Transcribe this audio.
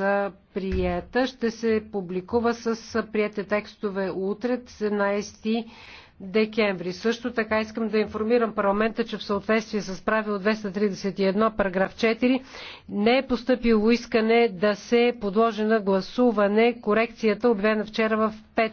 за приета ще се публикува с прияте текстове утре, 17 декември. Също така искам да информирам парламента, че в съответствие с правило 231 параграф 4 не е поступило искане да се подложи на гласуване корекцията обявена вчера в 5